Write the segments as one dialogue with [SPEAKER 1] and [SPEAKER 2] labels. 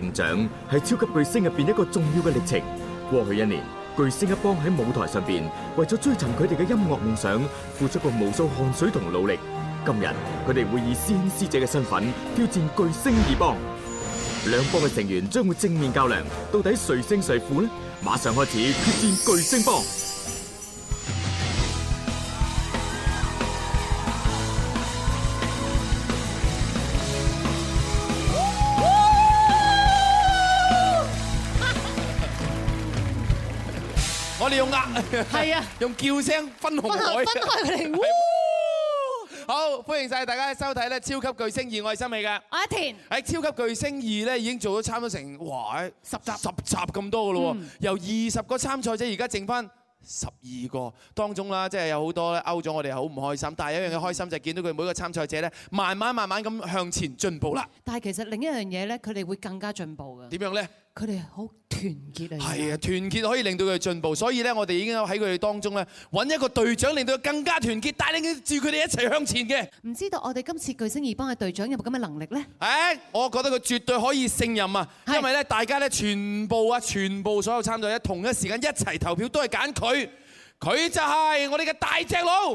[SPEAKER 1] 成長係超級巨聲入邊一個重要嘅歷程。過去一年，巨聲一幫喺舞台上邊為咗追尋佢哋嘅音樂夢想，付出過無數汗水同努力。今日佢哋會以師兄師姐嘅身份挑戰巨聲二幫，兩幫嘅成員將會正面較量，到底誰勝誰負呢？馬上開始決戰巨聲幫！
[SPEAKER 2] 用壓係啊，用叫聲分紅海，分開佢哋。好，歡迎晒大家收睇咧《超級巨星二愛心美》嘅阿田喺《超級巨星二》咧，已經做咗差唔多成哇十集十集咁多嘅咯。由二十個參賽者，而家剩返十二個當中啦，即係有好多咧 out 咗，我哋好唔開心。但係一樣嘢開心，就係見到佢每個參賽者咧，慢慢慢慢咁向前進步啦。但係其實另
[SPEAKER 3] 一樣嘢咧，佢哋會更加進步嘅。
[SPEAKER 2] 點樣咧？佢哋好團結嚟嘅，係啊，團結可以令到佢哋進步，所以咧，我哋已經喺佢哋當中咧搵一個隊長，令到佢更加團結，帶領住佢哋一齊向前嘅。
[SPEAKER 3] 唔知道我哋今次巨聲二幫嘅隊長有冇咁嘅能力咧？
[SPEAKER 2] 誒、啊，我覺得佢絕對可以勝任啊！因為咧，大家咧全部啊，全部所有參賽者同一時間一齊投票都係揀佢，佢就係我哋嘅大隻佬，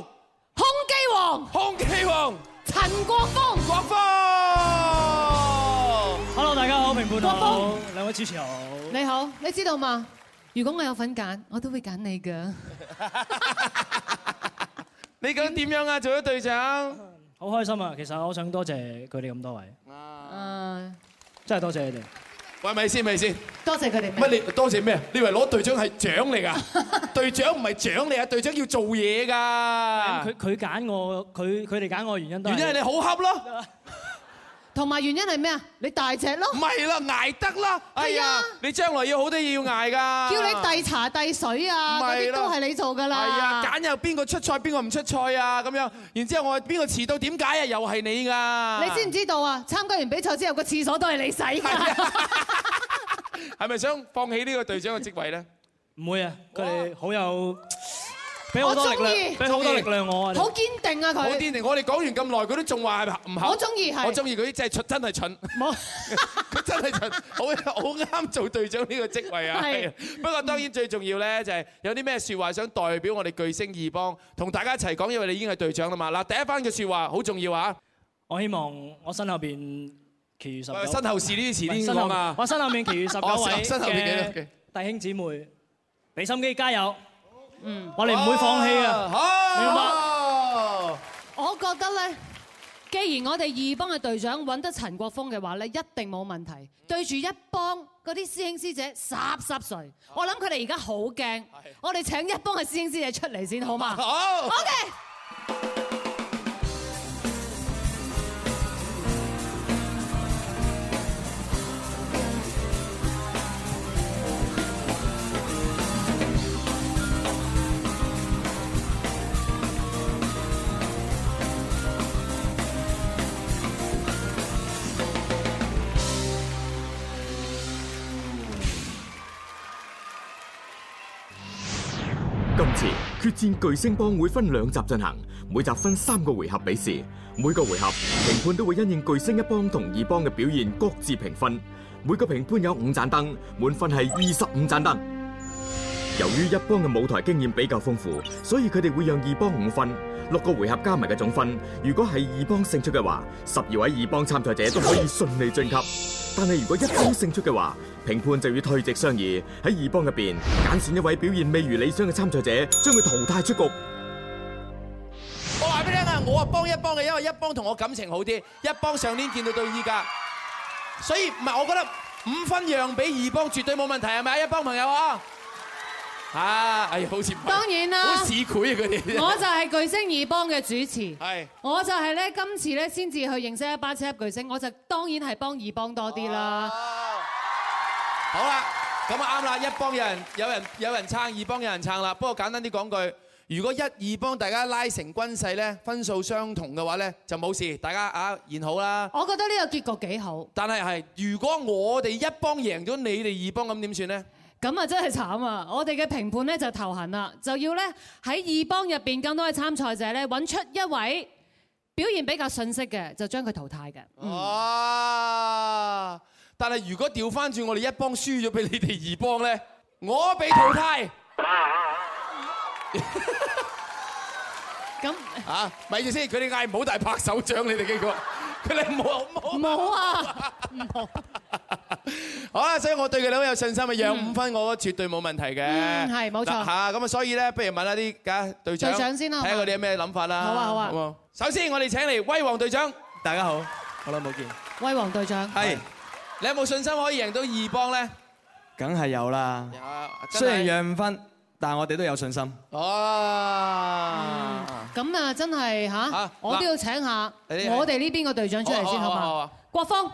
[SPEAKER 2] 胸肌王，胸肌王，姬陳國峰，國峰。
[SPEAKER 3] Hello，大家好，評判好，
[SPEAKER 4] 兩位主持人好，
[SPEAKER 3] 你好，你知道嗎？如果我有份揀，我都會揀你噶。
[SPEAKER 4] 你講點樣啊？做咗隊長，好開心啊！其實我想多謝佢哋咁多位，啊，真係多謝你哋。喂，咪先，咪先，
[SPEAKER 2] 多謝
[SPEAKER 4] 佢哋。乜你多謝咩？你以為攞隊長係獎嚟㗎？隊長唔係獎嚟啊！隊長要做嘢㗎。佢佢揀我，佢佢哋揀我原因
[SPEAKER 2] 都係，原因係你好恰咯。
[SPEAKER 3] 同埋原因係咩啊？你
[SPEAKER 2] 大隻咯，唔係啦，捱得啦，係啊，你將來要好多嘢要捱噶，叫你遞
[SPEAKER 3] 茶遞水啊，嗰啲都係你做噶啦，係啊，揀
[SPEAKER 2] 又邊個出賽邊個唔出賽啊？咁樣，然之後我係邊個遲到點解啊？又係你噶，你知唔知道啊？參加完比賽之後個廁所都係你洗，係咪想放棄呢個隊長嘅職位咧？唔會啊，佢哋好有，俾好多力量，俾好多力量我啊！好
[SPEAKER 3] 堅定啊佢。好堅定！
[SPEAKER 2] 我哋講完咁耐，佢都仲話係唔肯。我中意係。我中意佢。」啲真係蠢，真係蠢。佢真係好，好啱做隊長呢個職位啊！係。不過當然最重要咧，就係有啲咩說話想代表我哋巨聲二幫同大家一齊講，因為你已經係隊長
[SPEAKER 4] 啦嘛。嗱，第一番嘅說話好重要啊！我希望我身後面，其實身後事呢啲詞呢啲係嘛？我身後其餘十二位嘅弟兄姊妹，俾心機加油。嗯，我哋唔會放棄啊！好，
[SPEAKER 3] 我覺得咧，既然我哋二幫嘅隊長揾得陳國峰嘅話咧，一定冇問題。對住一幫嗰啲師兄師姐濕濕碎，我諗佢哋而家好驚。我哋請一幫嘅師兄師姐出嚟先，好嗎？好。OK。
[SPEAKER 1] 戰巨聲幫會分兩集進行，每集分三個回合比試，每個回合評判都會因應巨聲一幫同二幫嘅表現各自評分，每個評判有五盞燈，滿分係二十五盞燈。由於一幫嘅舞台經驗比較豐富，所以佢哋會讓二幫五分六個回合加埋嘅總分，如果係二幫勝出嘅話，十二位二幫參賽者都可以順利晉級。但係如果一方勝出嘅話，評判就要退直商二，喺二幫入邊揀選一位表現未如理想嘅參賽者，將佢淘汰出局。我話
[SPEAKER 2] 俾你聽啊，我啊幫一幫嘅，因為一幫同我感情好啲，一幫上年見到到意家，所以唔係我覺得五分讓俾二幫絕對冇問題，係咪一幫朋友啊！嚇！哎、啊，好似當然啦，好市儈啊！佢哋我就係
[SPEAKER 3] 巨聲二幫嘅主持，係我就係咧，今次咧先至去認識一班車一巨聲，我就當然係幫二幫多啲啦。
[SPEAKER 2] 好啦，咁啊啱啦，一幫有人有人有人撐，二幫有人撐啦。不過簡單啲講句，如果一、二幫大家拉成均勢咧，分數相同嘅話咧，就冇事，大家啊，然好啦。我覺得呢個結局幾好。但係係，如果我哋一幫贏咗你哋二幫，咁點算咧？咁啊，真係慘啊！我
[SPEAKER 3] 哋嘅評判咧就頭痕啦，就要咧喺二幫入面更多嘅參賽者咧揾出一位表現比較遜色嘅，就將佢淘汰嘅，嗯。
[SPEAKER 5] 啊！
[SPEAKER 2] 但係如果調翻轉，我哋一幫輸咗俾你哋二幫咧，我被淘汰。咁啊，咪住先，佢哋嗌唔好，大拍手掌，你哋幾個。佢哋冇冇啊！好啊，所以我對佢哋好有信心啊，讓五分我絕對冇問題嘅。嗯，係冇錯嚇，咁啊，所以咧，不如問下啲隊長先啦，睇下佢哋有咩諗法啦。好啊好啊，首先我哋請嚟威煌隊長，大家好，好耐冇見。威煌隊長，係你有冇信心可以贏到二幫咧？
[SPEAKER 6] 梗係有啦，雖然讓五分。但係我哋都有信心。
[SPEAKER 2] 哇！咁啊，真係
[SPEAKER 3] 嚇，我都要請下我哋呢邊個隊長出嚟先，好嘛？國峰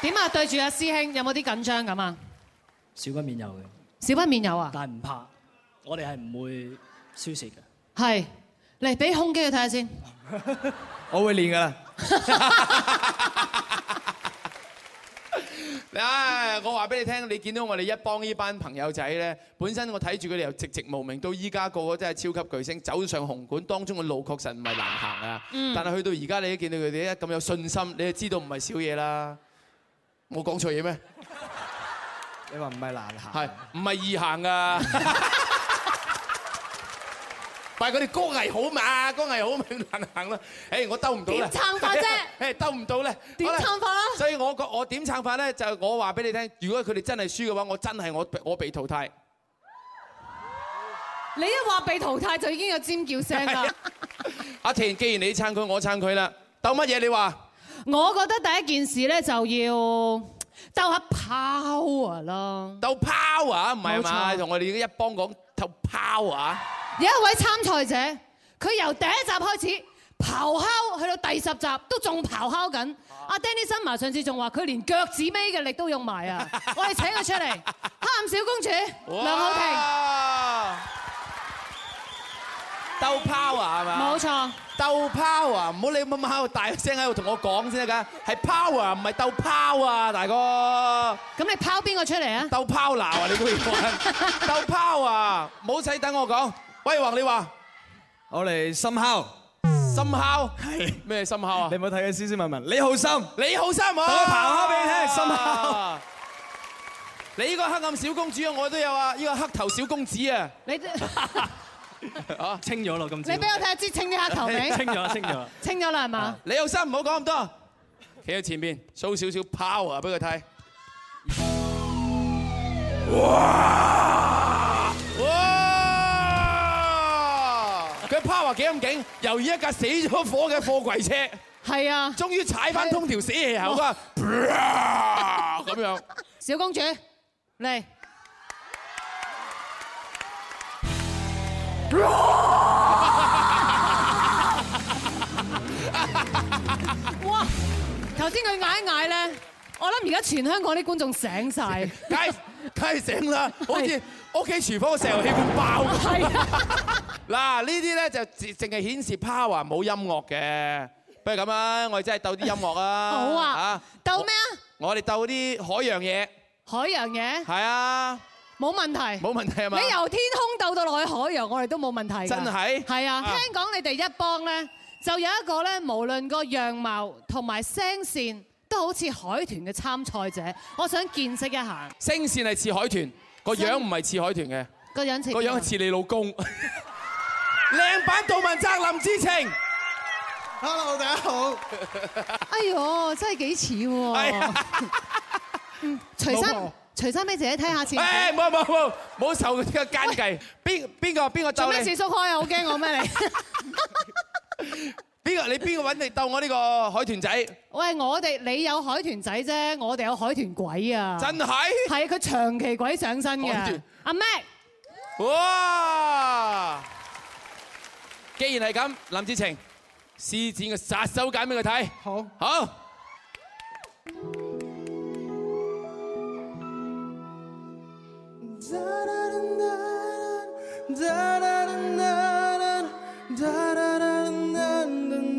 [SPEAKER 3] 點啊？對住阿師兄，有冇啲緊張咁啊？
[SPEAKER 4] 少不免有嘅。
[SPEAKER 3] 少不免有啊？
[SPEAKER 4] 但係唔怕，我哋係唔會輸蝕嘅。
[SPEAKER 3] 係，嚟俾胸肌佢睇下先。
[SPEAKER 4] 我會練嘅。
[SPEAKER 2] 啊！我話俾你聽，你見到我哋一幫呢班朋友仔咧，本身我睇住佢哋由籍籍無名到依家個個真係超級巨星，走上紅館，當中嘅路確實唔係難行
[SPEAKER 7] 啊！但係
[SPEAKER 2] 去到而家，你都見到佢哋一咁有信心，你就知道唔係少嘢啦。冇講錯嘢咩？你
[SPEAKER 6] 話唔係難行，係
[SPEAKER 2] 唔係易行啊？唔係佢哋歌藝好嘛？歌藝好咪難行咯。誒，我兜唔到啦。點撐法啫？誒，兜唔到咧。點撐法啦？所以我覺我點撐法咧，就我話俾你聽。如果佢哋真係輸嘅話，我真係我我被淘汰。
[SPEAKER 3] 你一話被淘汰就已經有尖叫聲啦。
[SPEAKER 2] 阿田，既然你撐佢，我撐佢啦。鬥乜嘢？你話？
[SPEAKER 3] 我覺得第一件事咧就要鬥下
[SPEAKER 2] power 咯。鬥 power 唔係嘛？同我哋一幫講鬥 power 啊！
[SPEAKER 3] 有一位參賽者，佢由第一集開始咆哮，去到第十集都仲咆哮緊。阿 Daniel 森麻上次仲話佢連腳趾尾嘅力都用埋啊！我哋請佢出
[SPEAKER 2] 嚟，喊小公
[SPEAKER 3] 主兩口聽
[SPEAKER 2] 鬥拋啊，係咪啊？冇沒錯鬥，鬥拋啊！唔好你咁喺度大聲喺度同我講先得㗎，係拋啊，唔係鬥拋啊，大哥。咁你拋邊個出嚟啊？鬥拋鬧啊！你都要講，鬥拋啊！唔好使等我講。威煌，你話我嚟深烤，深烤係咩深烤啊？你冇睇緊斯斯文文，你好深，你好深冇。等我刨下俾你睇下深烤。你依個黑暗小公主啊，我都有啊，依個黑頭小公子啊。你啊清咗咯，咁知。你俾我睇下先，清啲黑頭未？清咗，清咗。清咗啦，係嘛？李浩森，唔好講咁多。企喺前邊，show 少少 power 俾佢睇。幾咁勁？由於一架死咗火嘅貨櫃車，係啊，終於踩返通條死氣喉啦，咁樣。小公主嚟！
[SPEAKER 3] 哇！頭先佢嗌一嗌咧，我諗而家全香港啲觀眾醒曬，
[SPEAKER 2] 梗係醒啦，好似，屋企廚房嘅石油氣罐會爆嗱，呢啲咧就淨係顯示 power，冇音樂嘅。不如咁啊，我哋真係鬥啲音樂啊。好啊。鬥咩啊？我哋鬥啲海洋嘢。海
[SPEAKER 3] 洋嘢。
[SPEAKER 2] 係是啊。
[SPEAKER 3] 冇問題。冇
[SPEAKER 2] 問題啊嘛。你由
[SPEAKER 3] 天空鬥到落去海洋，我哋都冇問題的真的。真係。係啊，聽講你哋一幫咧，就有一個咧，無論個樣貌同埋聲線都好似海豚嘅參賽者，我想見識一下。
[SPEAKER 2] 聲線係似海豚。個樣唔係似海豚嘅，個身樣似個樣似你老公，靚版杜汶澤林之晴，hello 大家好，家好哎呦真係幾似喎。嗯、哎呀，隨身，生婆身生俾姐姐睇下先，誒唔好唔好受呢個奸計，邊邊個邊個做咩？做咩自縮開啊？好驚我咩你？ 邊個？你邊個揾你鬥我呢個海豚仔？
[SPEAKER 3] 喂，我哋你有海豚仔啫，我哋有海豚鬼啊！真係？係啊，佢長期鬼上身嘅。
[SPEAKER 2] 阿 Mac，哇！既然係咁，林志晴施展個殺手鐧俾佢睇。
[SPEAKER 7] 好好。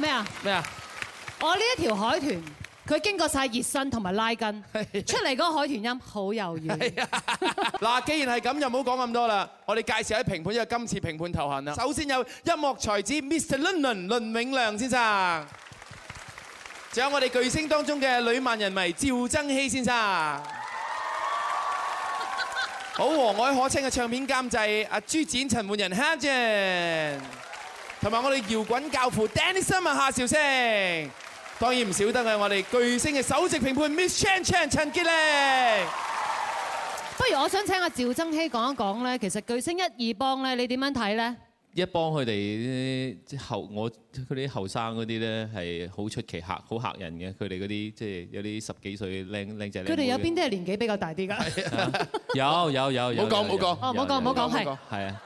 [SPEAKER 7] 咩啊？咩啊？
[SPEAKER 3] 我呢一條海豚，佢經過晒熱身同埋拉筋，出嚟嗰個海豚音好悠遠。
[SPEAKER 2] 嗱，既然係咁，就唔好講咁多啦。我哋介紹下評判，因為今次評判頭痕啦。首先有音樂才子 Mr. Lennon 倫永亮先生，仲有我哋巨星當中嘅女萬人迷趙增熹先生。好，和藹可親嘅唱片監製阿朱展陳奐仁 Hanjin。同埋我哋搖滾教父 Danny Summer 夏韶聲，當然唔少得係我哋巨聲嘅首席評判 Miss Chan Chan 陳潔靈。不如我想請阿趙增
[SPEAKER 3] 熹講一講咧，其實巨聲一二幫咧，你點樣睇咧？
[SPEAKER 8] 一幫佢哋即後，我佢啲後生嗰啲咧係好出奇吓，好嚇人嘅。佢哋嗰啲即係有啲十幾歲靚靚仔咧。佢哋有邊
[SPEAKER 3] 啲係年紀比較大啲㗎？有
[SPEAKER 8] 有有有。冇講冇講。哦，冇講冇講係係啊。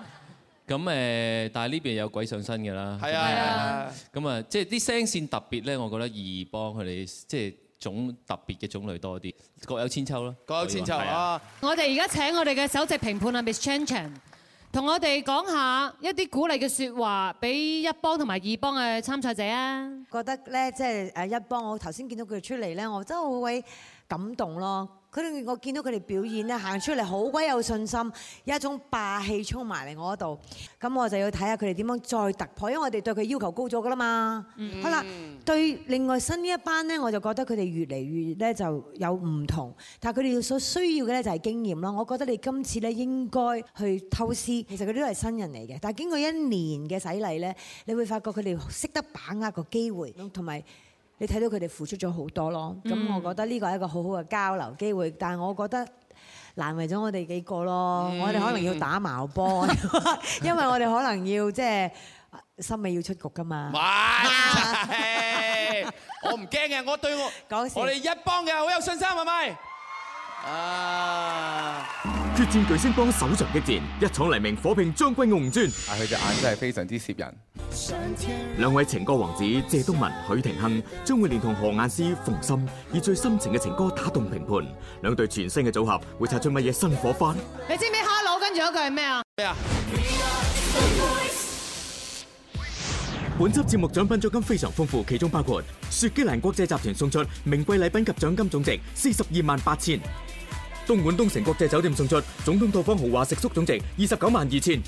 [SPEAKER 8] 咁誒，但係呢邊有鬼上身嘅啦。係啊，咁、就、啊、係，即係啲聲線特別咧，我覺得二幫佢哋即係種特別嘅種類多啲，各有千秋咯。各有千秋啊！
[SPEAKER 3] 我哋而家請我哋嘅首席評判啊好的，Miss Chan Chan，同我哋講下一啲鼓勵嘅説話俾一幫
[SPEAKER 9] 同埋二幫嘅參賽者啊。覺得咧，即係誒一幫，我頭先見到佢哋出嚟咧，我真係好鬼感動咯。佢我見到佢哋表演咧，行出嚟好鬼有信心，有一種霸氣衝埋嚟我度。咁我就要睇下佢哋點樣再突破，因為我哋對佢要求高咗噶啦嘛。好啦、嗯，對另外新一班咧，我就覺得佢哋越嚟越咧就有唔同。但係佢哋所需要嘅咧就係經驗囉。我覺得你今次咧應該去偷師。其實佢都係新人嚟嘅，但係經過一年嘅洗禮咧，你會發覺佢哋識得把握個機會，同埋。你睇到佢哋付出咗好多咯，咁我覺得呢個係一個好好嘅交流機會，但係我覺得難為咗我哋幾個咯，我哋可能要打矛波，因為我哋可能要即係心理要出局㗎嘛。唔
[SPEAKER 2] 係，我唔驚嘅，我對我說笑 我哋一幫嘅好有信心，係咪？
[SPEAKER 1] 啊！決戰巨聲幫首場激戰，一廠黎明火拼將軍共尊。啊，佢隻眼真係非常之攝人。
[SPEAKER 3] 兩
[SPEAKER 1] 前位情歌王子謝東閔、許廷鏗將會連同何雁詩、馮琛以最深情嘅情歌打動評判。兩對全新嘅組合會擦出乜嘢新火花？你
[SPEAKER 3] 知唔知 Hello 跟住嗰句係咩啊？
[SPEAKER 2] 咩啊？
[SPEAKER 1] 本集節目獎品獎金非常豐富，其中包括雪肌蘭國際集團送出名貴禮品及獎金，總值四十二萬八千。東莞東城國際酒店送出總統套房豪華食宿總值二十九萬二千。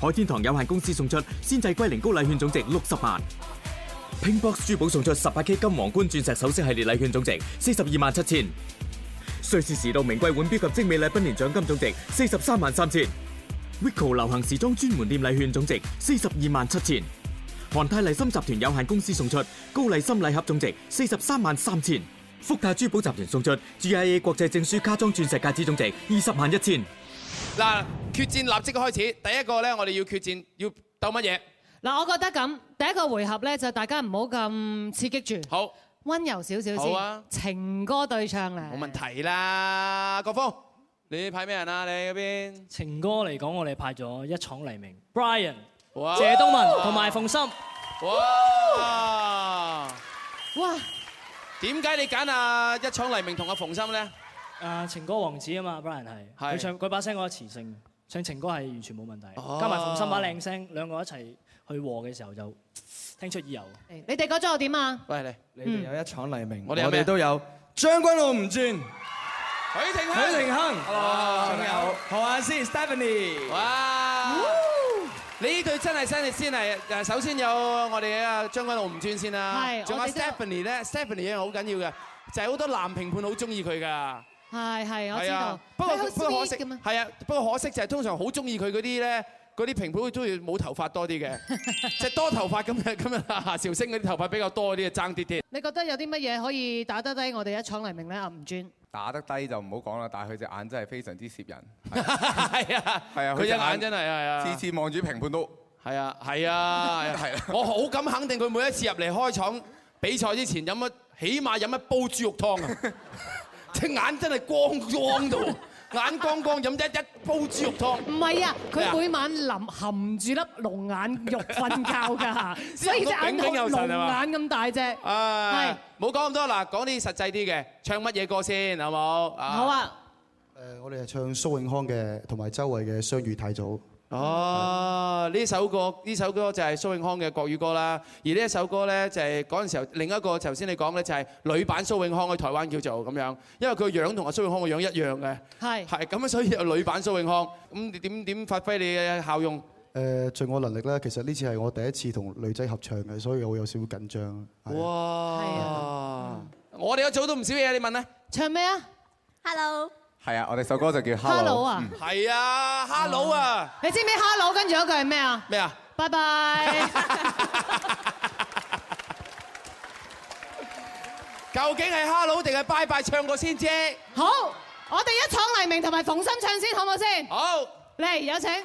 [SPEAKER 1] 海天堂有限公司送出鮮製龜苓膏禮券總值六十萬。乒乓珠寶送出十八 K 金皇冠鑽石首飾系列禮券總值四十二萬七千。瑞士時度名貴腕錶及精美禮賓年獎金總值四十三萬三千。Waco 流行時裝專門店禮券總值四十二萬七千。韓泰麗參集團有限公司送出高麗參禮盒總值四十三萬三千。福大珠寶集團送出 GIA 國際證書加裝鑽石戒指總值二十萬一千。
[SPEAKER 2] 嗱，決戰立即開始，第一個咧，我哋要決戰，要鬥乜嘢？嗱，我覺得咁，
[SPEAKER 3] 第一個回合咧，就大家唔好咁刺激住，好溫柔少少先，情
[SPEAKER 4] 歌對唱啦，冇問題啦。國峰，你派咩人啊？你嗰邊？情歌嚟講，我哋派咗一廠黎明、Brian、謝東閔同埋馮琛。哇！哇！點解你揀啊《一廠黎明》同阿馮琛咧？啊情歌王子啊嘛。Brian 係係佢唱，佢把聲嗰個磁性，唱情歌係完全冇問題。加埋馮琛把靚聲，兩個一齊去和嘅時候就
[SPEAKER 6] 聽出意頭。
[SPEAKER 4] 你哋嗰組點啊？
[SPEAKER 6] 喂，你
[SPEAKER 10] 你
[SPEAKER 4] 哋
[SPEAKER 6] 有一廠
[SPEAKER 10] 黎明，
[SPEAKER 4] 我哋都
[SPEAKER 6] 有《將軍澳唔轉》。
[SPEAKER 2] 許廷鏗，許廷鏗，Hello，仲有何雁詩、Stephanie。呢依句真係犀利先係，誒首先有我哋啊將軍澳吳尊先啦，仲對還有 Stephanie 咧，Stephanie 好緊要嘅，就係、是、好多男評判好中意佢噶，
[SPEAKER 3] 係係我知道，對不過不過可惜，
[SPEAKER 2] 係啊不過可惜就係通常好中意佢嗰啲咧。嗰啲評判都中意冇頭髮多啲嘅，即係多頭髮咁樣咁樣，夏韶聲嗰啲頭髮比較多嗰啲爭啲啲。
[SPEAKER 3] 你覺得有啲乜嘢可以打得低我哋一廠
[SPEAKER 2] 黎明咧？阿吳尊打得低就唔好講啦，但係佢隻眼真係非常之攝人。係啊係啊，佢隻眼真係係啊。次次望住評判都係啊係啊係啊，我好敢肯定佢每一次入嚟開廠比賽之前飲乜，起碼飲一煲豬肉湯啊！隻眼真係光光到。眼光光飲得一煲豬肉湯，唔係啊！佢每晚臨含住粒龍眼肉瞓覺㗎，
[SPEAKER 3] 所以隻眼好
[SPEAKER 2] 龍眼咁大隻。係，冇講咁多啦，講啲實際啲嘅，唱乜嘢歌先，好冇？好啊。誒，
[SPEAKER 11] 我哋係唱蘇永康嘅，同埋周蕙嘅《相遇太早》。哦，呢首歌呢首歌就係蘇永康嘅國語歌啦。
[SPEAKER 2] 而呢一首歌咧就係嗰陣時候另一個頭先你講咧，就係女版蘇永康喺台灣叫做咁樣，因為佢個樣同阿蘇永康個樣一樣嘅。係，係咁樣，所以就女版蘇永康。咁你點點發揮你嘅效用？
[SPEAKER 11] 誒，盡我能力啦。其實呢次係我第一次同女仔合唱嘅，所以我有少少緊張。
[SPEAKER 2] 哇！我哋都做咗唔少嘢，你問咧唱咩啊？Hello。
[SPEAKER 11] 係啊，我哋首歌就叫 Hello, Hello?
[SPEAKER 2] Hello 啊，係啊，Hello 啊，你知唔知 Hello 跟住嗰句係咩啊？咩啊麼？拜拜。究竟係 Hello 定係拜拜唱過先知？好，我哋一廠黎明同埋馮琛唱先好唔好先？好，
[SPEAKER 5] 嚟好 有請。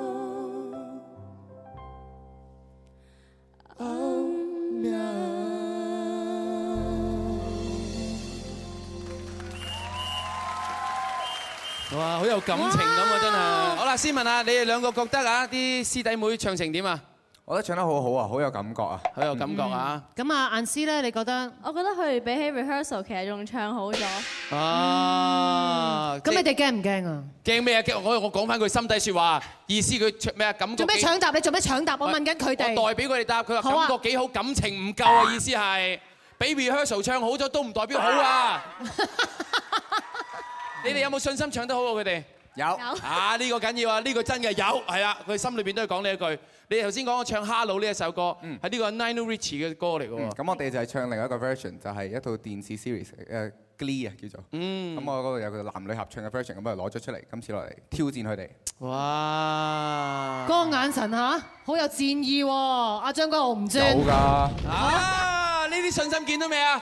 [SPEAKER 2] 哇，好有感情咁啊，真係！好啦，先問下你哋兩個覺得啊，啲師弟妹唱成點啊？我覺得唱得好好啊，好有感覺啊，好有感覺啊！
[SPEAKER 3] 咁啊，雁詩咧，你覺得？我覺得佢比起 rehearsal，其實仲唱好咗。哦，咁你哋驚唔驚啊？
[SPEAKER 2] 驚咩啊？驚！我我講翻句心底説話，意思佢咩啊？感覺。做咩搶答？
[SPEAKER 3] 你做咩搶答？我問緊佢哋。我代表佢哋答。佢話感覺幾好，
[SPEAKER 2] 感情唔夠啊！意思係，比 rehearsal 唱好咗都唔代表好啊。你哋有冇信心唱得好喎？佢哋有啊！呢個緊要啊，呢句真嘅有係啊，佢心裏邊都係講呢一句。你頭先講我唱 Hello 呢一首歌，嗯，係呢個 Lionel Richie 嘅歌嚟嘅喎。咁我哋就係唱另一個 version，就係一套電視 series 誒 Glee 啊叫做。嗯，咁我嗰度有個男女合唱嘅 version，咁我攞咗出嚟，今次落嚟挑戰佢哋。哇！嗰
[SPEAKER 3] 個眼神吓，好有戰意喎！阿張哥我唔知有㗎。啊！
[SPEAKER 2] 呢啲信心見到未啊？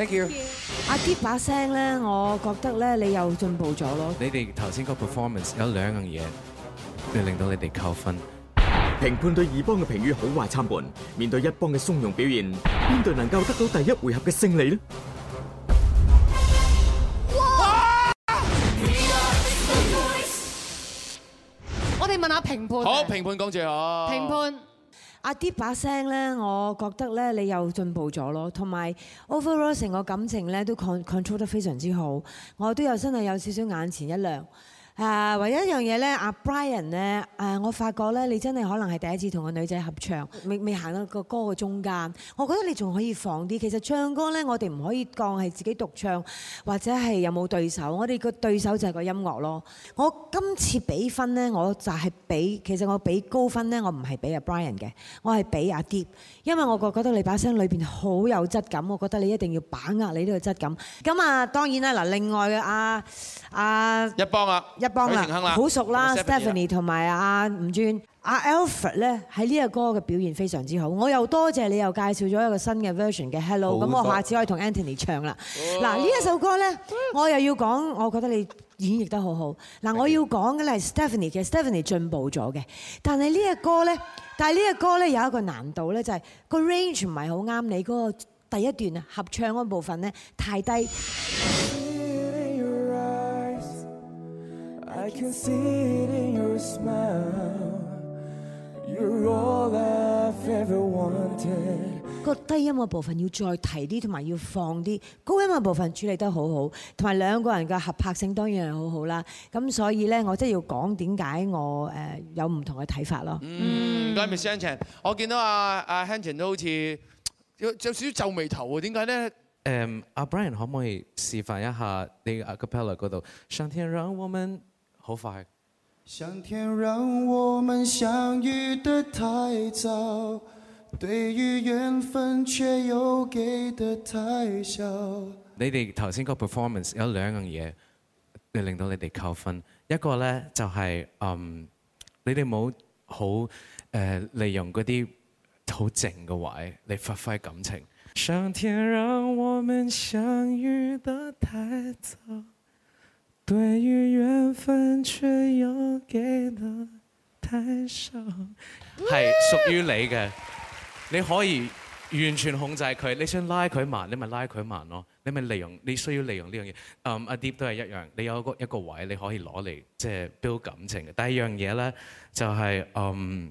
[SPEAKER 9] thank you，阿 Key 把聲咧，我覺得咧你又進步咗咯。
[SPEAKER 1] 你哋頭先個 performance 有兩樣嘢令到你哋扣分。評判對二幫嘅評語好壞參半，面對一幫嘅從容表現，邊隊能夠得到第一回合嘅勝利
[SPEAKER 3] 咧？
[SPEAKER 2] 我
[SPEAKER 9] 哋問下評判。好，評
[SPEAKER 2] 判，恭喜我。評判。
[SPEAKER 9] 阿啲把聲咧，我覺得咧，你又進步咗咯，同埋 overall 個感情咧都 control 得非常之好，我都有真係有少少眼前一亮。啊，唯一一樣嘢咧，阿 Brian 咧，我發覺咧，你真係可能係第一次同個女仔合唱，未未行到個歌嘅中間，我覺得你仲可以放啲。其實唱歌咧，我哋唔可以當係自己獨唱，或者係有冇對手，我哋個對手就係個音樂咯。我今次俾分咧，我就係俾，其實我俾高分咧，我唔係俾阿 Brian 嘅，我係俾阿 Deep 因為我覺覺得你把聲裏邊好有質感，我覺得你一定要把握你呢個質感。咁啊，當然啦，嗱，另外嘅阿阿一幫啊，一。幫啦，好熟啦 跟，Stephanie 同埋阿吳尊、阿 Alfred 咧，喺呢個歌嘅表現非常之好。我又多謝你又介紹咗一個新嘅 version 嘅 Hello，咁很棒 我下次可以同 Anthony 唱啦。嗱呢一首歌咧，我又要講，我覺得你演繹得好好。嗱，我要講嘅咧係 Stephanie 嘅，Stephanie 進步咗嘅，但係呢個歌咧，但係呢個歌咧有一個難度咧，就係、是、個 range 唔係好啱，你嗰個第一段啊合唱嗰部分咧太低。個低音嘅部分要再提啲，同埋要放啲。高音嘅部分處理得好好，同埋兩個人嘅合拍性當然係好好啦。咁所以咧、嗯謝，我真係要講點解我誒有唔同嘅睇法咯。嗯，
[SPEAKER 2] 多謝 Miss Chan Chan。我見到阿阿 Chan Chan 都好似有少少皺眉頭喎。點解咧？
[SPEAKER 12] 誒，阿 Brian 可唔可以示範一下你嘅 a cappella 嗰度？上天讓我們好快，
[SPEAKER 5] 上天讓我們相遇得太早，對於緣分卻又給得太少。
[SPEAKER 12] 你哋頭先個 performance 有兩樣嘢嚟令到你哋扣分，一個咧就係、是、嗯、呃，你哋冇好誒利用嗰啲好靜嘅位嚟發揮感情。
[SPEAKER 13] 上天讓我們相遇得太早。
[SPEAKER 12] 係屬於你嘅，你可以完全控制佢。你想拉佢慢，你咪拉佢慢咯。你咪利用，你需要利用呢樣嘢。嗯、um，A Deep 都係一樣，你有一個一個位，你可以攞嚟，即係 build 感情嘅。第二樣嘢咧就係、是、嗯、um,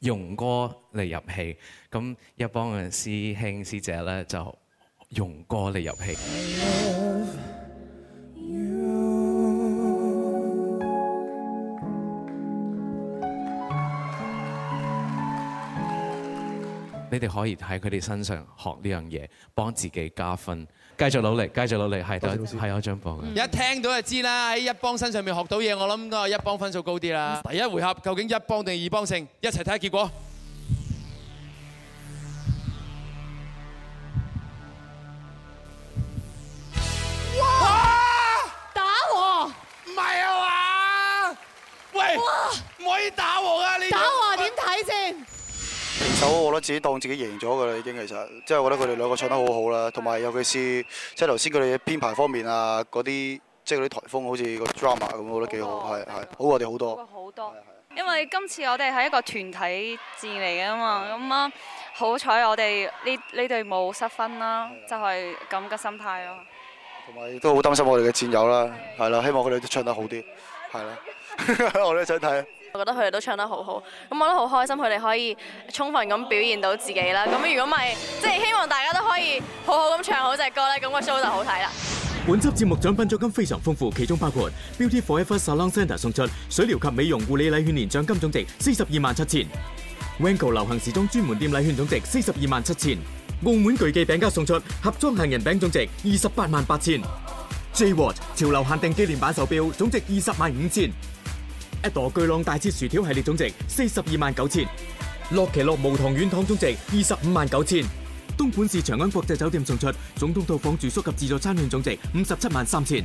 [SPEAKER 12] 用歌嚟入戲，咁一幫人師兄師姐咧就用歌嚟入戲。你哋可以喺佢哋身上學呢樣嘢，幫自己加分，繼續努力，繼續努力，係，係有張榜嘅。一
[SPEAKER 2] 聽到就知啦，喺一幫身上面學到嘢，我諗都係一幫分數高啲啦。第一回合究竟一幫定二幫勝？一齊睇下結果。
[SPEAKER 5] 哇！打我！唔係啊嘛！喂！哇！唔可以打
[SPEAKER 2] 我啊！你打我點睇先？
[SPEAKER 11] 我覺得自己當自己贏咗㗎喇，已經其實，即係我覺得佢哋兩個唱得好好啦，同埋尤其是即係頭先佢哋編排方面啊，嗰啲即係嗰啲台風好似個 drama 咁，我覺得幾好，係係好過我哋好多。好
[SPEAKER 14] 多。因為今
[SPEAKER 4] 次我哋係一個團體戰嚟嘅吖嘛，咁啊好彩我哋呢呢隊冇失分啦，就係咁嘅心態咯。同
[SPEAKER 7] 埋
[SPEAKER 11] 都好擔心我哋嘅戰友啦，係啦，希望佢哋都唱得好啲，係啦，我哋想睇。
[SPEAKER 4] 我覺得佢哋都唱得好好，咁我都好開心佢哋可以充分咁表現到自己啦。咁如果咪，即係希望大家都可以好好咁唱好隻歌咧，咁個 show 就好睇啦。
[SPEAKER 1] 本集節目獎品獎金非常豐富，其中包括 Beauty Forever Salon Centre 送出水療及美容護理禮券，總值四十二萬七千；Winko 流行時裝專門店禮券，總值四十二萬七千；澳門巨記餅家送出盒裝杏仁餅，合人餅總值二十八萬八千；J Watch 潮流限定紀念版手錶，總值二十萬五千。一朵巨浪大隻薯條系列總值四十二萬九千，樂奇樂無糖軟糖總值二十五萬九千，東莞市長安國際酒店送出總統套房住宿及自助餐券總值五十七萬三千。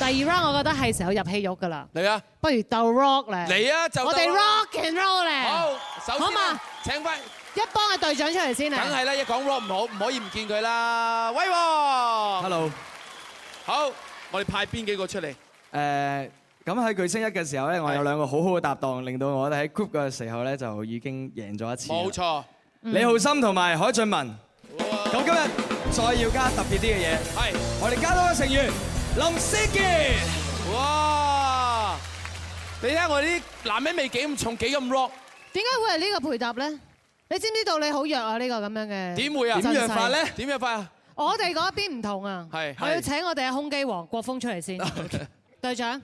[SPEAKER 3] 第二 round 我覺得係時候入戲肉噶啦，嚟啊，不如鬥 rock 咧，嚟啊，我哋 rock and roll 咧。好，好嘛，
[SPEAKER 2] 請翻一幫嘅隊長出嚟先啊，梗係啦，一講 rock 唔好唔可以唔見佢啦，喂，hello，好，我哋派邊幾個出嚟？
[SPEAKER 6] 誒。咁喺巨聲一嘅時候咧，我有兩個好好嘅搭檔，令到我哋喺 group 嘅時候咧就已經贏咗一次。冇錯，李浩森同埋海俊文。咁今日再要加特別啲嘅嘢，係我哋加多個成員林師傑。哇！你睇我啲男人味幾咁重，
[SPEAKER 2] 幾咁 rock？
[SPEAKER 3] 點解會係呢個配搭咧？你知唔知道你好弱啊？呢個咁樣嘅點
[SPEAKER 2] 會啊？點樣法咧？點樣法啊？
[SPEAKER 3] 我哋嗰邊唔同啊！係係，我要請我哋嘅胸肌王國峰出嚟
[SPEAKER 4] 先，
[SPEAKER 3] 隊長。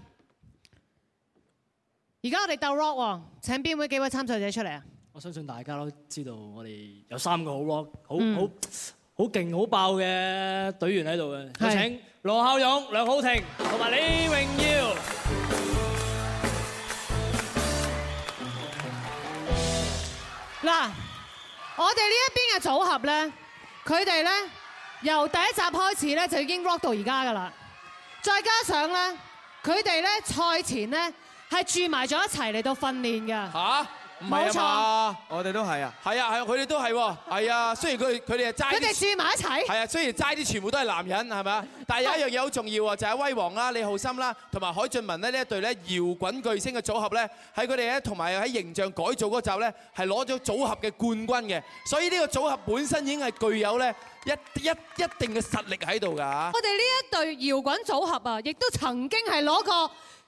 [SPEAKER 3] 而家我哋鬥 rock 喎，請邊位幾位參賽者出嚟啊？
[SPEAKER 4] 我相信大家都知道，我哋有三個好 rock、好好好勁、好爆嘅隊員喺度嘅。有請羅孝勇、梁皓婷同埋李榮耀。
[SPEAKER 3] 嗱，我哋呢一邊嘅組合咧，佢哋咧由第一集開始咧就已經 rock 到而家噶啦，再加上咧佢哋咧賽前咧。係住埋咗一齊嚟到訓練㗎吓，
[SPEAKER 2] 冇錯，我哋都係啊，係啊，係，佢哋都係，係啊。雖然佢佢哋係齋，佢哋住埋一齊，係啊。雖然齋啲全部都係男人，係咪啊？但係有一樣嘢好重要喎，就係威煌啦、李浩森啦同埋海俊文咧呢一隊咧搖滾巨聲嘅組合咧，喺佢哋咧同埋喺形象改造嗰集咧係攞咗組合嘅冠軍嘅，所以呢個組合本身已經係具有咧一一一定嘅實力喺度㗎。
[SPEAKER 3] 我哋呢一隊搖滾組合啊，亦都曾經係攞過。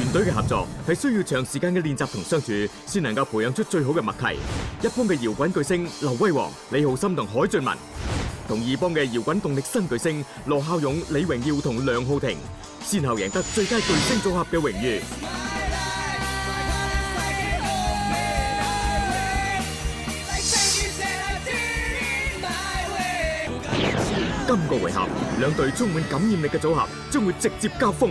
[SPEAKER 1] 團隊嘅合作係需要長時間嘅練習同相處，先能夠培養出最好嘅默契。一幫嘅搖滾巨聲劉威煌、李浩森同海俊文，同二幫嘅搖滾動力新巨聲羅孝勇、李榮耀同梁皓婷，先後贏得最佳巨聲組合嘅榮譽。今個回合，兩隊充滿感染力嘅組合將會直接交鋒。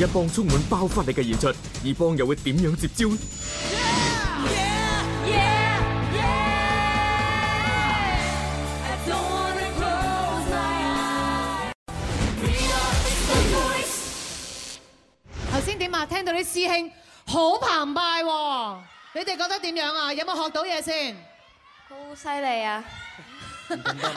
[SPEAKER 1] 一幫充滿爆發力嘅演出，二幫又會點樣接招？
[SPEAKER 3] 頭先點啊？聽到啲師兄好澎湃喎，你哋覺得點樣啊？有冇學到嘢先？
[SPEAKER 15] 好犀利啊！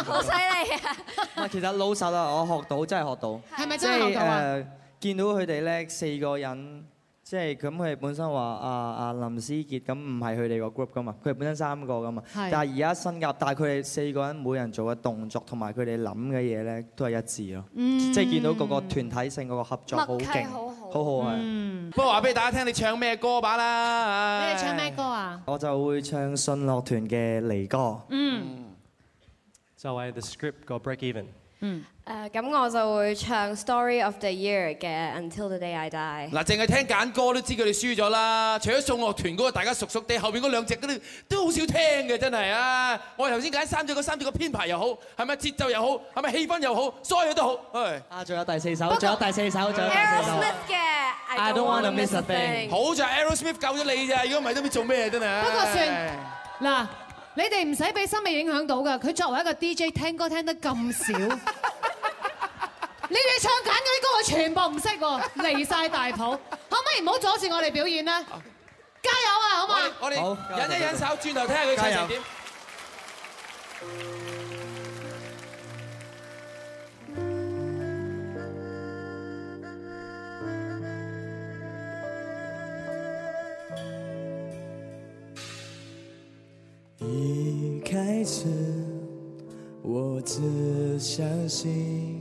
[SPEAKER 15] 好犀利
[SPEAKER 6] 啊！唔係，其實老實啊，我學到真係學到。係咪真係學到啊？見到佢哋呢四個人，即係咁佢哋本身話啊阿林師傑咁唔係佢哋個 group 㗎嘛，佢哋本身三個㗎嘛是的，但係而家新夾，但係佢哋四個人每人做嘅動作同埋佢哋諗嘅嘢咧都係一致咯，嗯、即係見到嗰個團體性嗰個合作好勁，嗯、好好呀。
[SPEAKER 2] 不過話俾大家聽，你唱咩
[SPEAKER 6] 歌把啦？你哋唱咩歌啊？我就會唱信樂團嘅《離歌》、嗯嗯。
[SPEAKER 4] 嗯。
[SPEAKER 12] 就係 The Script 個 Break Even。嗯。
[SPEAKER 4] 誒咁我就會唱 Story of the Year 嘅 Until the Day I Die。
[SPEAKER 2] 嗱，淨係聽揀歌都知佢哋輸咗啦。除咗送樂團嗰個，大家熟熟哋，後邊嗰兩隻都好少聽嘅，真係啊！我哋頭先揀三隻，三隻個編排又好，係咪節奏又好，係咪氣氛又好，所有都好。誒，
[SPEAKER 4] 啊，仲有第四首，仲過有第四首，仲有第四首。
[SPEAKER 2] I don't want to miss a Thing。好就係 Aerosmith 救咗你咋，如果唔係都做咩真係？不過算。
[SPEAKER 3] 嗱唉，你哋唔使俾森美影響到嘅，佢作為一個 DJ 聽歌聽得咁少。你哋唱緊嗰啲歌，我全部唔識喎，離晒大譜，可唔可以唔好阻住我哋表演呢？
[SPEAKER 2] 加油啊，好唔好，我哋忍一忍手，轉頭聽下佢唱點。加油
[SPEAKER 5] 一開始我只相信。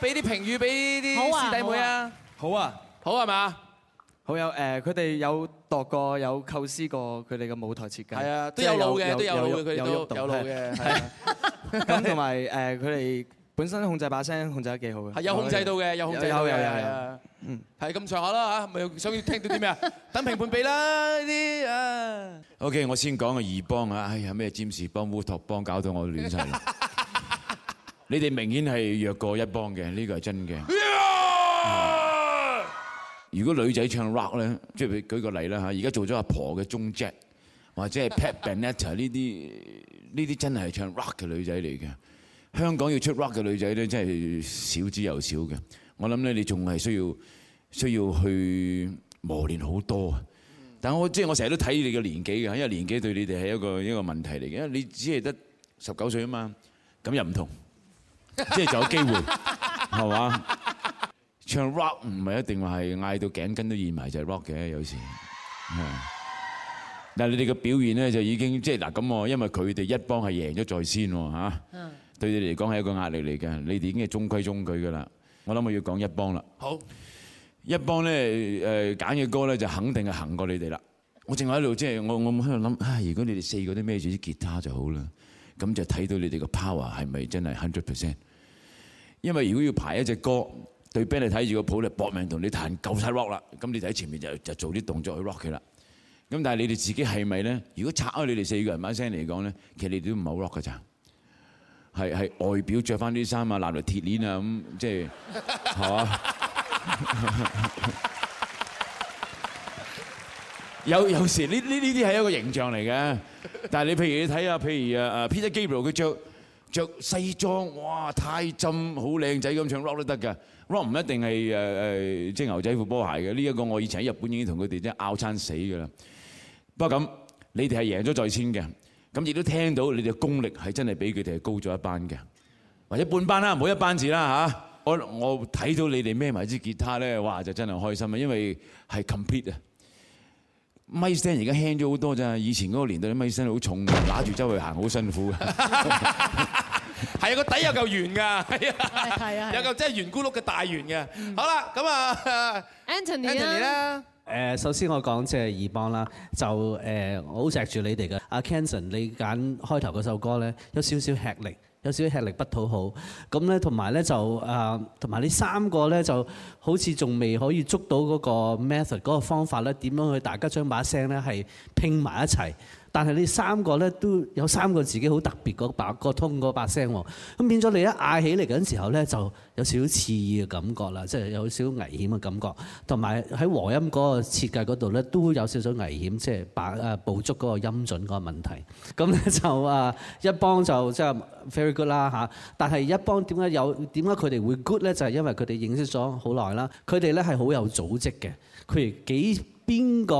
[SPEAKER 2] 俾啲評語俾啲師弟
[SPEAKER 6] 妹啊！好啊！好啊！好係嘛？好有誒，佢哋有度過，有構思過佢哋嘅舞台設計。係啊，都有腦嘅，都有腦嘅，佢都有腦嘅。咁同埋誒，佢哋本身控制把聲控制得幾好嘅。係有控制到嘅，有控制到嘅。
[SPEAKER 2] 係咁上下啦嚇，咪想聽到啲咩啊？等評判俾啦呢啲
[SPEAKER 5] 啊
[SPEAKER 14] ！OK，我先講個二幫啊！哎呀，咩占士邦、烏托邦搞到我亂晒。你哋明顯係弱過一幫嘅，呢個係真嘅。如果女仔唱 rock 咧，即係舉舉個例啦吓。而家做咗阿婆嘅 Joan Jett 或者係 Pat Benatar 呢啲，呢啲真係唱 rock 嘅女仔嚟嘅。香港要出 rock 嘅女仔咧，真係少之又少嘅。我諗咧，你仲係需要需要去磨練好多。但係我即係我成日都睇你嘅年紀嘅，因為年紀對你哋係一個一個問題嚟嘅。你只係得十九歲啊嘛，咁又唔同。即係就有機會，係嘛？唱 rock 唔係一定話係嗌到頸筋都染埋就係 rock 嘅，有時。但係你哋嘅表現咧就已經即係嗱咁，因為佢哋一幫係贏咗在先吓，對你嚟講係一個壓力嚟嘅。你哋已經係中規中矩噶啦。我諗我要講一幫啦。好，一幫咧誒揀嘅歌咧就肯定係行過你哋啦。我淨喺度即係我我喺度諗，唉，如果你哋四個都孭住啲吉他就好啦，咁就睇到你哋個 power 係咪真係 hundred percent。因為如果要排一隻歌，對 band 睇住個譜嚟搏命同你彈夠晒 rock 啦，咁你就喺前面就就做啲動作去 rock 佢啦。咁但係你哋自己係咪咧？如果拆開你哋四個人，把聲嚟講咧，其實你哋都唔係好 rock 㗎咋？係係外表着返啲衫啊，攬嚟鐵鏈啊咁，即係係嘛？有有時呢呢呢啲係一個形象嚟嘅。但係你譬如你睇下，譬如誒誒 Peter Gabriel，佢着，着西裝，哇！太針好靚仔，咁唱 rock 都得嘅，rock 唔一定係誒誒即牛仔褲波鞋嘅。呢一個我以前喺日本已經同佢哋即拗餐死嘅啦。不過咁，你哋係贏咗在先嘅，咁亦都聽到你哋功力係真係比佢哋係高咗一班嘅，或者半班啦，唔好一班字啦嚇。我我睇到你哋孭埋支吉他咧，哇！就真係開心啊，因為係 compete 啊。Mic stand 而家輕咗好多咋，以前嗰個年代啲 mic stand 好重，揦住周圍行好辛苦㗎。
[SPEAKER 2] 係啊，個底有嚿圓㗎，係啊，係啊，有嚿即係圓咕碌嘅大圓嘅。好啦，咁啊，Anthony 咧，
[SPEAKER 16] 誒，首先我講即係二幫啦，就誒，我好錫住你哋嘅。阿 Kenson，你揀開頭嗰首歌咧，有少少吃力，有少少吃力不討好，咁咧同埋咧就誒，同埋呢三個咧就好似仲未可以捉到嗰個 method 嗰個方法咧，點樣去大家將把聲咧係拼埋一齊。但係你三個咧都有三個自己好特別嗰把個通嗰把聲，咁變咗你一嗌起嚟嗰陣時候咧，就有少少刺耳嘅感覺啦，即係有少少危險嘅感覺。同埋喺和音嗰個設計嗰度咧，都有少少危險，即係把啊捕捉嗰個音準嗰個問題。咁咧就啊一幫就即係 very good 啦嚇，但係一幫點解有點解佢哋會 good 咧？就係因為佢哋認識咗好耐啦。佢哋咧係好有組織嘅。佢哋幾邊個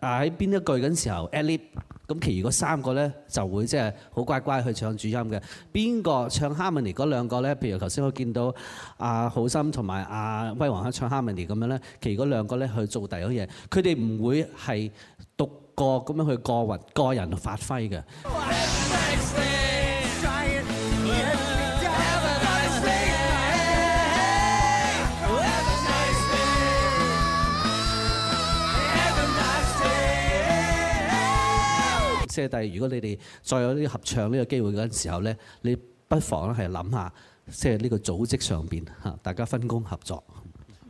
[SPEAKER 16] 啊喺邊一句嗰陣時候咁其餘嗰三個咧就會即係好乖乖去唱主音嘅。邊個唱 harmony 嗰兩個咧？譬如頭先我見到阿浩森同埋阿威煌克唱 harmony 咁樣咧，其餘嗰兩個咧去做第二樣嘢。佢哋唔會係獨個咁樣去過雲個人發揮嘅。即係，但如果你哋再有呢個合唱呢個機會嗰陣時候咧，你不妨係諗下，即係呢個組織上邊嚇，大家分工合作。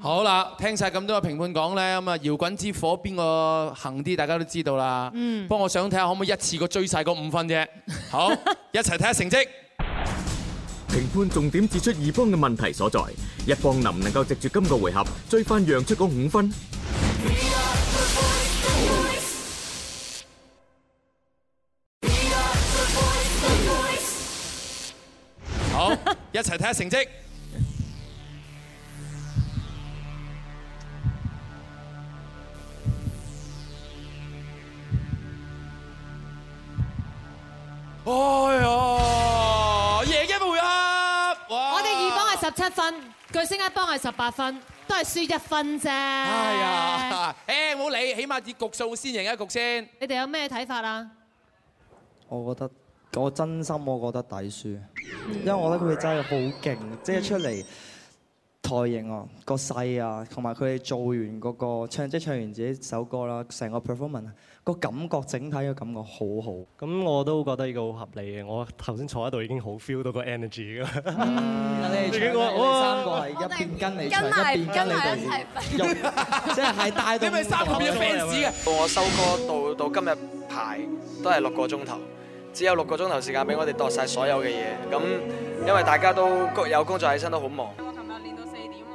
[SPEAKER 2] 好啦，聽晒咁多個評判講咧，咁啊，搖滾之火邊個行啲，大家都知道啦。
[SPEAKER 1] 嗯，
[SPEAKER 2] 不過我想睇下可唔可以一次過追晒個五分啫。好，一齊睇下成績。
[SPEAKER 1] 評判重點指出二方嘅問題所在，一方能唔能夠藉住今個回合追翻讓出嗰五分？
[SPEAKER 2] 一齊睇下成績。
[SPEAKER 13] 哎
[SPEAKER 3] 呀，呢一回合。我哋二幫係十七分，巨聲一幫係十八分，都係輸一
[SPEAKER 2] 分啫。哎呀，誒冇理，起碼以局數先贏一局先。
[SPEAKER 3] 你哋有咩睇法啊？
[SPEAKER 6] 我覺得。我真心我覺得抵輸，因為我覺得佢哋真係好勁，即係出嚟台型啊，個勢啊，同埋佢哋做完嗰個唱即唱完自己首歌啦，成個 performance 個感覺整體嘅感覺好好。
[SPEAKER 4] 咁我都覺得呢個好合理嘅，我頭先坐喺度已經好
[SPEAKER 5] feel 到個 energy
[SPEAKER 6] 啦。你哋唱歌，三個係一邊跟你唱一邊跟你哋，即係係大隊咪三個人平屎嘅。我收歌到到今日排都係六個鐘頭。只有六個鐘頭時，時間畀我哋度曬所有嘅嘢，咁因為大家都有工作，起身都好忙。我琴日練到四
[SPEAKER 7] 點喎，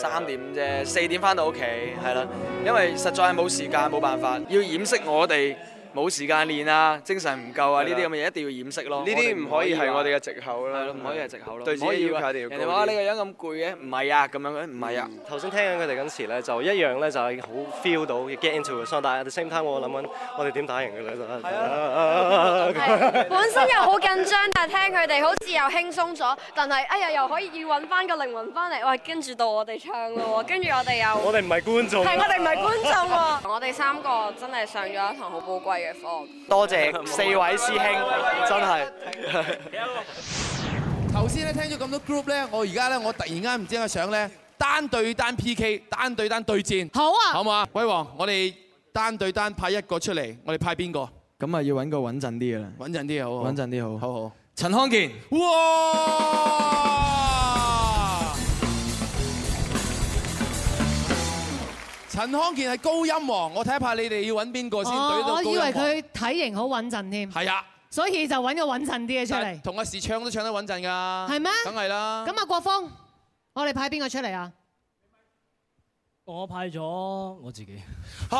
[SPEAKER 6] 三點啫，四點返到屋企，係啦，因為實在係冇時間，冇辦法要掩飾我哋。冇時間練啊，精神唔夠啊，呢啲咁嘅嘢一定要掩飾咯。呢啲唔可以係我哋嘅藉口啦，唔可以係藉口咯。對自己要求人哋話你個樣咁攰嘅，唔係啊咁樣咧，唔係啊。頭先聽緊佢哋嗰陣時咧，就一樣咧就係好 feel 到 get into the song，但係 same time 我諗緊，
[SPEAKER 11] 我哋點打贏嘅咧，
[SPEAKER 4] 本身又好緊張，但係聽佢哋好似又輕鬆咗，但係哎呀又可以要揾翻個靈魂翻嚟，喂，跟住到我哋唱嘞，跟住我哋又。我哋唔係觀眾。係
[SPEAKER 1] 我哋唔係觀眾喎。
[SPEAKER 4] 我哋三個真係上咗一堂好寶貴。
[SPEAKER 6] 多謝，四位師兄，真係。
[SPEAKER 2] 頭先咧聽咗咁多 group 咧，我而家咧我突然間唔知係想咧單對單 PK，單對單對戰。好啊，好唔好啊？威煌，我哋單對單派一個出嚟，我哋派邊個？
[SPEAKER 6] 咁啊，要揾個穩陣啲嘅啦。
[SPEAKER 2] 穩陣啲好，穩
[SPEAKER 6] 陣啲好，好好。陳
[SPEAKER 2] 康健，哇！陳康健係高音王，我睇一派你哋要揾邊個先。我以為佢
[SPEAKER 3] 體型好穩陣添。係啊，所以就揾個穩陣啲嘅出嚟。
[SPEAKER 2] 同阿仕唱都唱得穩陣㗎。係咩？梗係啦。咁
[SPEAKER 4] 阿國
[SPEAKER 3] 峰，我哋派邊個出嚟啊？
[SPEAKER 4] 我派咗我自己。吓？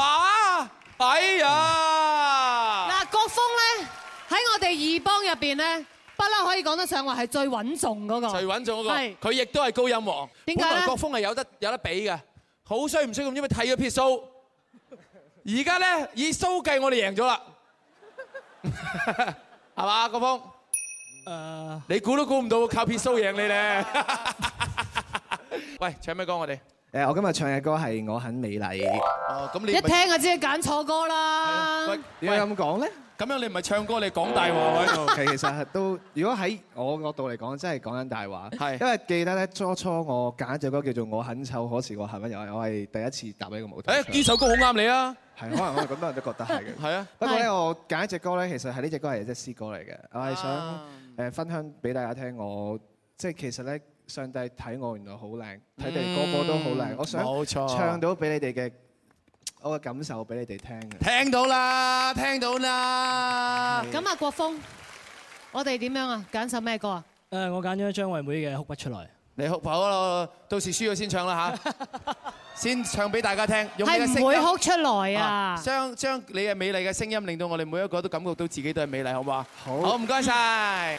[SPEAKER 4] 哎呀！
[SPEAKER 3] 嗱，國峰咧喺我哋二幫入邊咧，不嬲可以講得上話係最穩重嗰個。最穩重嗰個。係。
[SPEAKER 2] 佢亦都係高音王。點解咧？國峰係有得有得比嘅。好衰唔衰咁，因為剃咗撇須，而家咧以須計，我哋贏咗啦，係嘛？國峰，你估都估唔到，靠撇須贏你咧。喂，唱咩歌我哋？
[SPEAKER 10] 誒，我今日唱嘅歌係《我很美麗》，咁你，一
[SPEAKER 3] 聽就知揀錯歌啦。
[SPEAKER 2] 喂，
[SPEAKER 10] 點解咁講咧？咁樣你唔係唱歌，你講大話喎？喺度其實都如果喺我角度嚟講，真係講緊大話。係因為記得咧，初初我揀咗隻歌叫做《我很醜，可是我很勇敢》，我係第一次踏呢個舞台。誒，呢首歌好啱你啊！係，可能我哋咁多人都覺得係嘅。係啊，不過咧，我揀一隻歌咧，其實係呢隻歌係一隻詩歌嚟嘅。我係想誒分享俾大家聽，我即係其實咧，上帝睇我原來好靚，睇你個個都好靚。我想唱到俾你哋嘅。.我嘅感受俾你哋聽啊！
[SPEAKER 2] 聽到啦，
[SPEAKER 3] 聽到啦。咁啊，國峰，我哋點樣啊？揀首咩歌啊？
[SPEAKER 4] 誒，我揀咗張惠妹嘅《哭不出來》。你哭否啊？到時輸咗先唱啦嚇，
[SPEAKER 2] 先唱俾大家聽。用係唔會哭出來啊？將將你嘅美麗嘅聲音，令到我哋每一個都感覺到自己都係美麗，好唔好啊？好。好，唔該曬。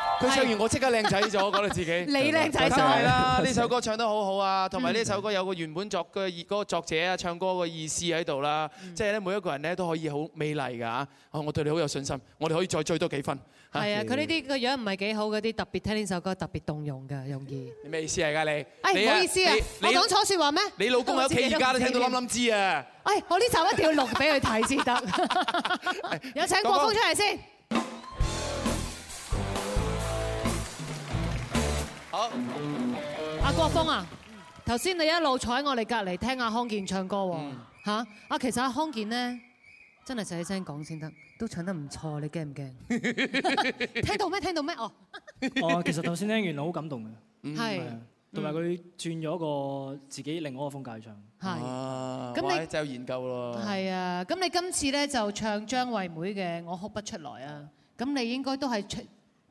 [SPEAKER 2] 佢唱完我即刻靚仔咗，講到自己。你靚仔成啦，呢首歌唱得好好啊，同埋呢首歌有個原本作嘅歌，作者啊，唱歌嘅意思喺度啦。即係咧，每一個人咧都可以好美麗㗎。我對你好有信心，我哋可以再追多幾分。係啊，佢呢啲
[SPEAKER 3] 個樣唔係幾好嗰啲，特別聽呢首歌特別動容㗎，容易。
[SPEAKER 2] 你咩意思係㗎你？哎，唔
[SPEAKER 3] 好意思啊，你講錯説話咩？你老公喺屋企而家都聽到冧冧知啊！我呢集一定要錄俾佢睇先得。有請國峰出嚟先。
[SPEAKER 11] 好
[SPEAKER 3] paths, 有有，阿國峰啊，頭先你一路坐喺我哋隔籬聽阿康健唱歌，吓、e?，啊、oh,，其實阿康健咧真係細細聲講先得，都唱得唔錯，你驚唔驚？聽到咩？聽到咩？哦、
[SPEAKER 4] hmm.，哦、right.，其實頭先聽完好感動嘅，係、hmm.，同埋佢轉咗個自己另外一個風格唱，係，咁你就研究咯，係
[SPEAKER 3] 啊，咁你今次咧就唱張惠妹嘅《我哭不出來》啊，咁你應該都係出。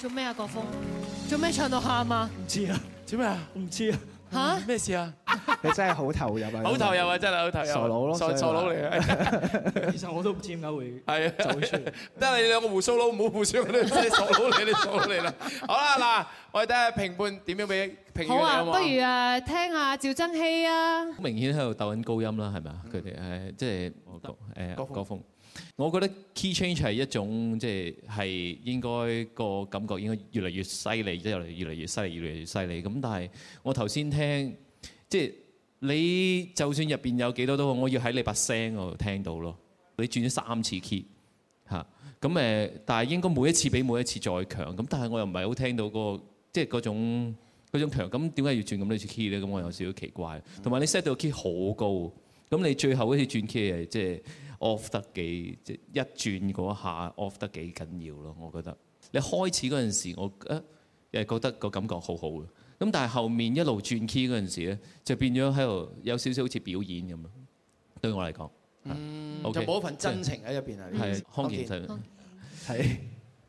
[SPEAKER 4] 做咩啊，國峰？做咩唱到喊啊？唔知啊。做咩啊？唔知啊。嚇？咩事啊？你
[SPEAKER 10] 真係好投入啊！好投入啊！真係好投入。傻佬咯，傻傻佬嚟嘅。其實我都唔知
[SPEAKER 4] 點解
[SPEAKER 2] 會係做唱。得你兩個鬍鬚佬唔好鬍鬚佬，你傻佬嚟，你傻佬嚟啦。
[SPEAKER 8] 好啦，嗱，我哋睇下評判點樣俾評判啊？好啊，不如
[SPEAKER 3] 誒聽下趙增熹啊。
[SPEAKER 8] 好明顯喺度鬥緊高音啦，係咪啊？佢哋係即係誒國峰。我覺得 key change 係一種，即係係應該個感覺應該越嚟越犀利，即係越嚟越嚟越犀利，越嚟越犀利。咁但係我頭先聽即係、就是、你就算入邊有幾多都好，我要喺你把聲嗰度聽到咯。你轉咗三次 key 嚇咁誒，但係應該每一次比每一次再強。咁但係我又唔係好聽到、嗰個即係嗰種嗰種強。咁點解要轉咁多次 key 咧？咁我有少少奇怪。同埋你 set 到個 key 好高。咁你最後一次轉 key 係即係 off 得幾即係一轉嗰下 off 得幾緊要咯？我覺得你開始嗰陣時，我誒係、啊、覺得個感覺好好嘅。咁但係後面一路轉 key 嗰陣時咧，就變咗喺度有少少好似表演咁樣啊！對我嚟講，嗯、okay, 就冇一份真情喺入邊啊！康健，係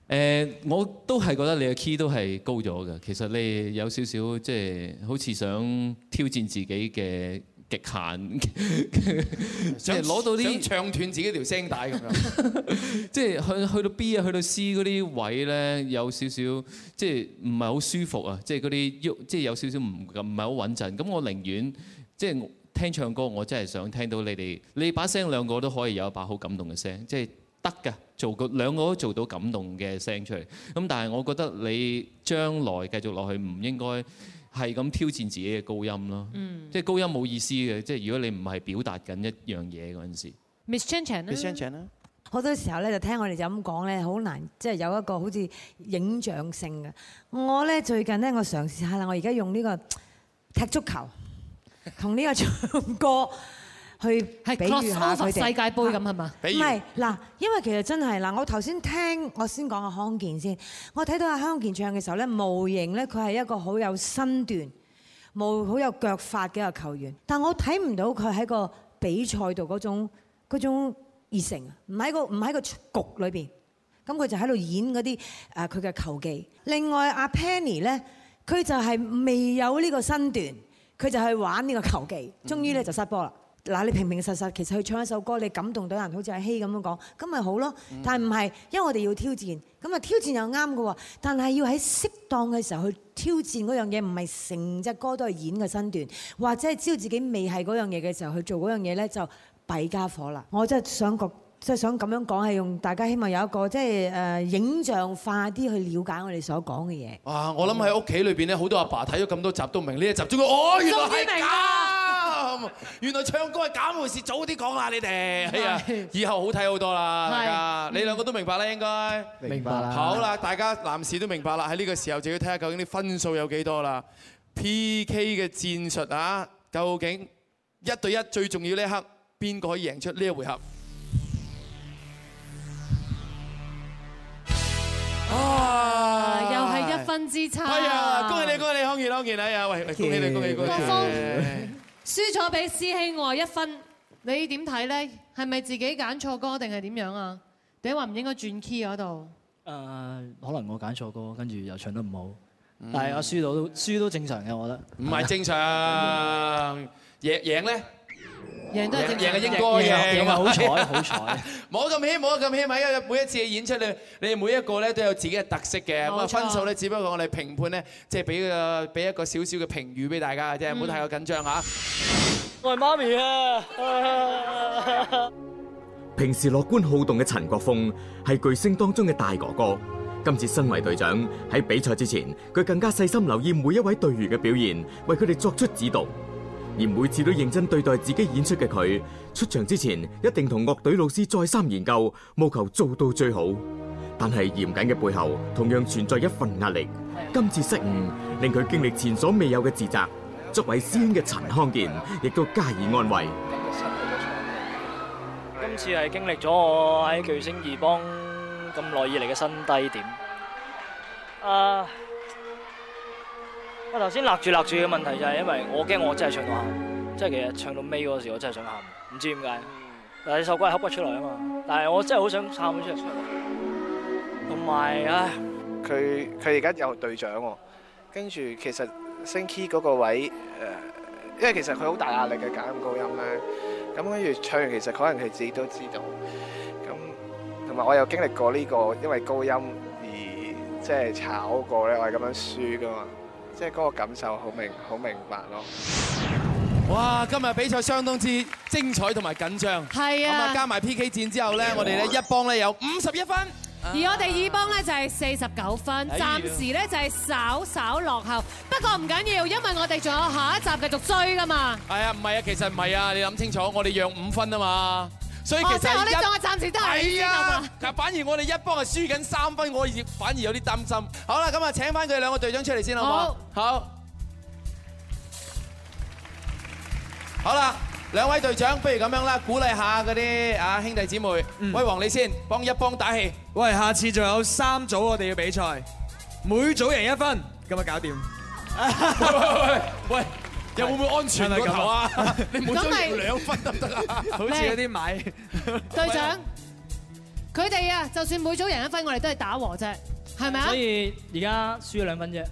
[SPEAKER 8] 誒，我都係覺得你嘅 key 都係高咗嘅。其實你有少少即係好似想挑戰自己嘅。極限想攞到啲，想
[SPEAKER 2] 唱斷自己條聲帶咁樣 ，
[SPEAKER 8] 即係去去到 B 啊，去到 C 嗰啲位咧，有少少即係唔係好舒服啊！即係嗰啲喐，即係有少少唔唔係好穩陣。咁我寧願即係聽唱歌，我真係想聽到你哋，你把聲兩個都可以有一把好感動嘅聲，即係得㗎，做個兩個都做到感動嘅聲出嚟。咁但係我覺得你將來繼續落去唔應該。係咁挑戰自己嘅高音咯，即係高音冇意思嘅，即係如果你唔係表達緊一樣嘢嗰陣時。
[SPEAKER 9] Miss Chan Chan 咧，好多時候咧就聽我哋就咁講咧，好難即係有一個好似影像性嘅。我咧最近咧我嘗試下啦，我而家用呢個踢足球同呢個唱歌。去係比如下佢哋，比如下世界盃，係咪？唔係嗱，因為其實真係嗱，我頭先聽我先講阿康健先，我睇到阿康健唱嘅時候咧，模型咧佢係一個好有身段、好有腳法嘅一個球員，但我睇唔到佢喺個比賽度嗰種嗰種熱誠，唔喺個唔喺個局裏邊，咁佢就喺度演嗰啲誒佢嘅球技。另外阿 Penny 咧，佢就係未有呢個身段，佢就去玩呢個球技，終於咧就失波啦。嗱，你平平實實，其實佢唱一首歌，你感動到人，好似阿希咁樣講，咁咪好咯。但係唔係，因為我哋要挑戰，咁啊挑戰又啱㗎喎。但係要喺適當嘅時候去挑戰嗰樣嘢，唔係成隻歌都係演嘅身段，或者係知道自己未係嗰樣嘢嘅時候去做嗰樣嘢咧，就弊家伙啦。我真係想講，即係想咁樣講，係用大家希望有一個即係誒影像化啲去了解我哋所講嘅嘢。啊，
[SPEAKER 2] 我諗喺屋企裏邊咧，好多阿爸睇咗咁多集都唔明呢一集，仲講哦，原來唱歌係咁回事，早啲講啦，你哋，哎呀，以後好睇好多啦，係啊，你兩個都明白啦，應該，明白啦。好啦，大家男士都明白啦，喺呢個時候就要睇下究竟啲分數有幾多啦。P K 嘅戰術啊，究竟一對一最重要呢一刻，邊個可以贏出呢一回合？
[SPEAKER 7] 啊，又係一
[SPEAKER 3] 分之差。係啊，恭喜你，
[SPEAKER 2] 恭喜你，康健，康健，哎呀，喂，恭喜你，恭喜你，恭喜你。恭喜
[SPEAKER 3] 輸咗俾師兄我一分，你點睇呢？係咪自己揀錯歌定係點樣啊？定係話唔應該轉 key 嗰度？
[SPEAKER 4] 可能我揀錯歌，跟住又唱得唔好，但係我，我輸到都輸都正常嘅，我覺得。唔係正常，
[SPEAKER 2] 贏呢？
[SPEAKER 4] 贏都係應贏，係應該嘅。
[SPEAKER 7] 咁
[SPEAKER 2] 啊的，好彩的，好彩。冇咁謙，冇咁謙，係 每一次嘅演出，你你哋每一個咧都有自己嘅特色嘅。分數咧，只不過我哋評判咧，即係俾個俾一個少少嘅評語俾大家，即係唔好太過緊張吓。
[SPEAKER 4] 我係媽咪啊！
[SPEAKER 1] 平時樂觀好動嘅陳國峰係巨聲當中嘅大哥哥，今次身為隊長喺比賽之前，佢更加細心留意每一位隊員嘅表現，為佢哋作出指導。而每次都認真對待自己演出嘅佢，出場之前一定同樂隊老師再三研究，務求做到最好。但係嚴謹嘅背後，同樣存在一份壓力。今次失誤令佢經歷前所未有嘅自責。作為師兄嘅陳康健，亦都加以安慰。
[SPEAKER 4] 今次係經歷咗我喺巨聲二幫咁耐以嚟嘅新低點。啊！我頭先勒住勒住嘅問題就係因為我驚我真係唱到喊，即係、嗯、其實唱到尾嗰時我真係想喊，唔知點解。嗯、但係呢首歌係哭不出嚟啊嘛，但係我
[SPEAKER 10] 真係好想喊出嚟。唱、嗯。同埋啊，佢佢而家有隊長，跟住其實星 k e y 嗰個位誒、呃，因為其實佢好大壓力嘅，假咁高音咧。咁跟住唱，完，其實可能佢自己都知道。咁同埋我有經歷過呢、呢個因為高音而即係炒過咧，我係咁樣輸噶嘛。嗯嗯。即係嗰個感受好明好明白咯！哇，
[SPEAKER 2] 今日比賽相當之精彩同埋緊張，係啊！咁啊加埋 PK 戰之後咧，我哋咧一幫咧有五十一分，
[SPEAKER 3] 而我哋二幫咧就係四十九分，暫時咧就係稍稍落後。不過唔緊要，因為我哋仲有下一集繼續追噶嘛。
[SPEAKER 2] 係啊，唔係啊，其實唔係啊，你諗清楚，我哋讓五分啊嘛。所以其實我哋一幫係輸緊三分，我亦反而有啲擔心。好啦，咁啊請翻佢兩個隊長出嚟先，好冇？好。好啦，兩位隊長，不如咁樣啦，鼓勵下嗰啲啊兄弟姊妹。喂，威煌你
[SPEAKER 6] 先幫一幫打氣。喂，下次仲有三組我哋嘅比賽，每組贏一分，今日搞掂。喂。有會唔會安全啊？咁啊，你每組贏兩分得唔得啊？好似嗰啲買
[SPEAKER 2] 隊長，
[SPEAKER 3] 佢哋啊，就算每組贏一分，我哋都係打和啫，係咪啊？所
[SPEAKER 6] 以而家輸咗
[SPEAKER 4] 兩分啫，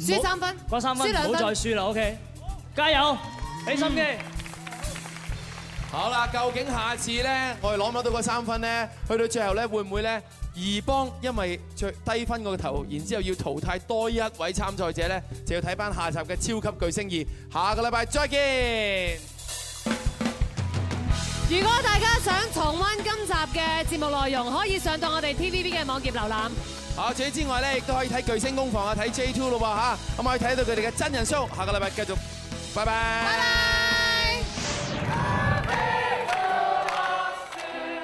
[SPEAKER 4] 輸三分，加三分，唔好再輸啦，OK，加油，俾心
[SPEAKER 7] 機。
[SPEAKER 2] 好啦，究竟下次咧，我哋攞唔攞到個三分咧？去到最後咧，會唔會咧？而幫因為最低分嗰個頭，然之後要淘汰多一位參賽者咧，就要睇翻下集嘅超級巨聲二。下個禮拜再見。
[SPEAKER 3] 如果大家想重溫今集嘅節目內容，可以上到我哋 TVB 嘅網頁瀏覽。
[SPEAKER 2] 好，除此之外咧，亦都可以睇巨聲工房啊，睇 J Two 咯喎嚇，咁可以睇到佢哋嘅真人 show。下個禮拜繼續，拜拜。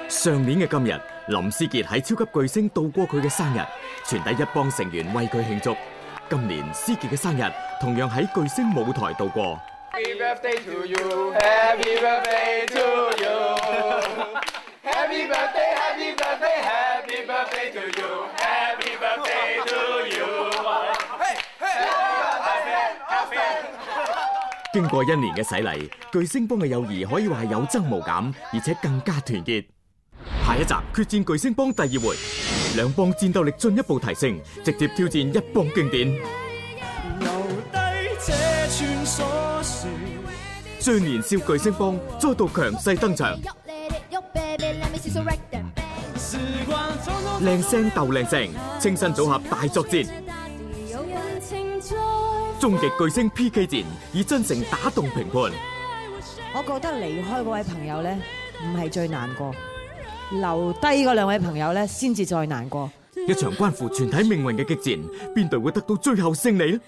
[SPEAKER 1] 上年嘅今日。林師傑喺超級巨聲度過佢嘅生日，全體一幫成員為佢慶祝。今年師傑嘅生日同樣喺巨聲舞台度過。經過一年嘅洗禮，巨聲幫嘅友誼可以話係有增無減，而且更加團結。下一集決戰巨聲幫第二回，兩幫戰鬥力進一步提升，直接挑戰一幫經典。最年少巨聲幫再度強勢登場，
[SPEAKER 5] 靚
[SPEAKER 1] 聲鬥靚聲，清新組合大作戰，終極巨聲 PK 戰以真誠打動評判。
[SPEAKER 9] 我覺得離開嗰位朋友呢，唔係最難過。留低嗰兩位朋友咧，先至再難過。
[SPEAKER 1] 一場關乎全體命運嘅激戰，邊隊會得到最後勝利咧？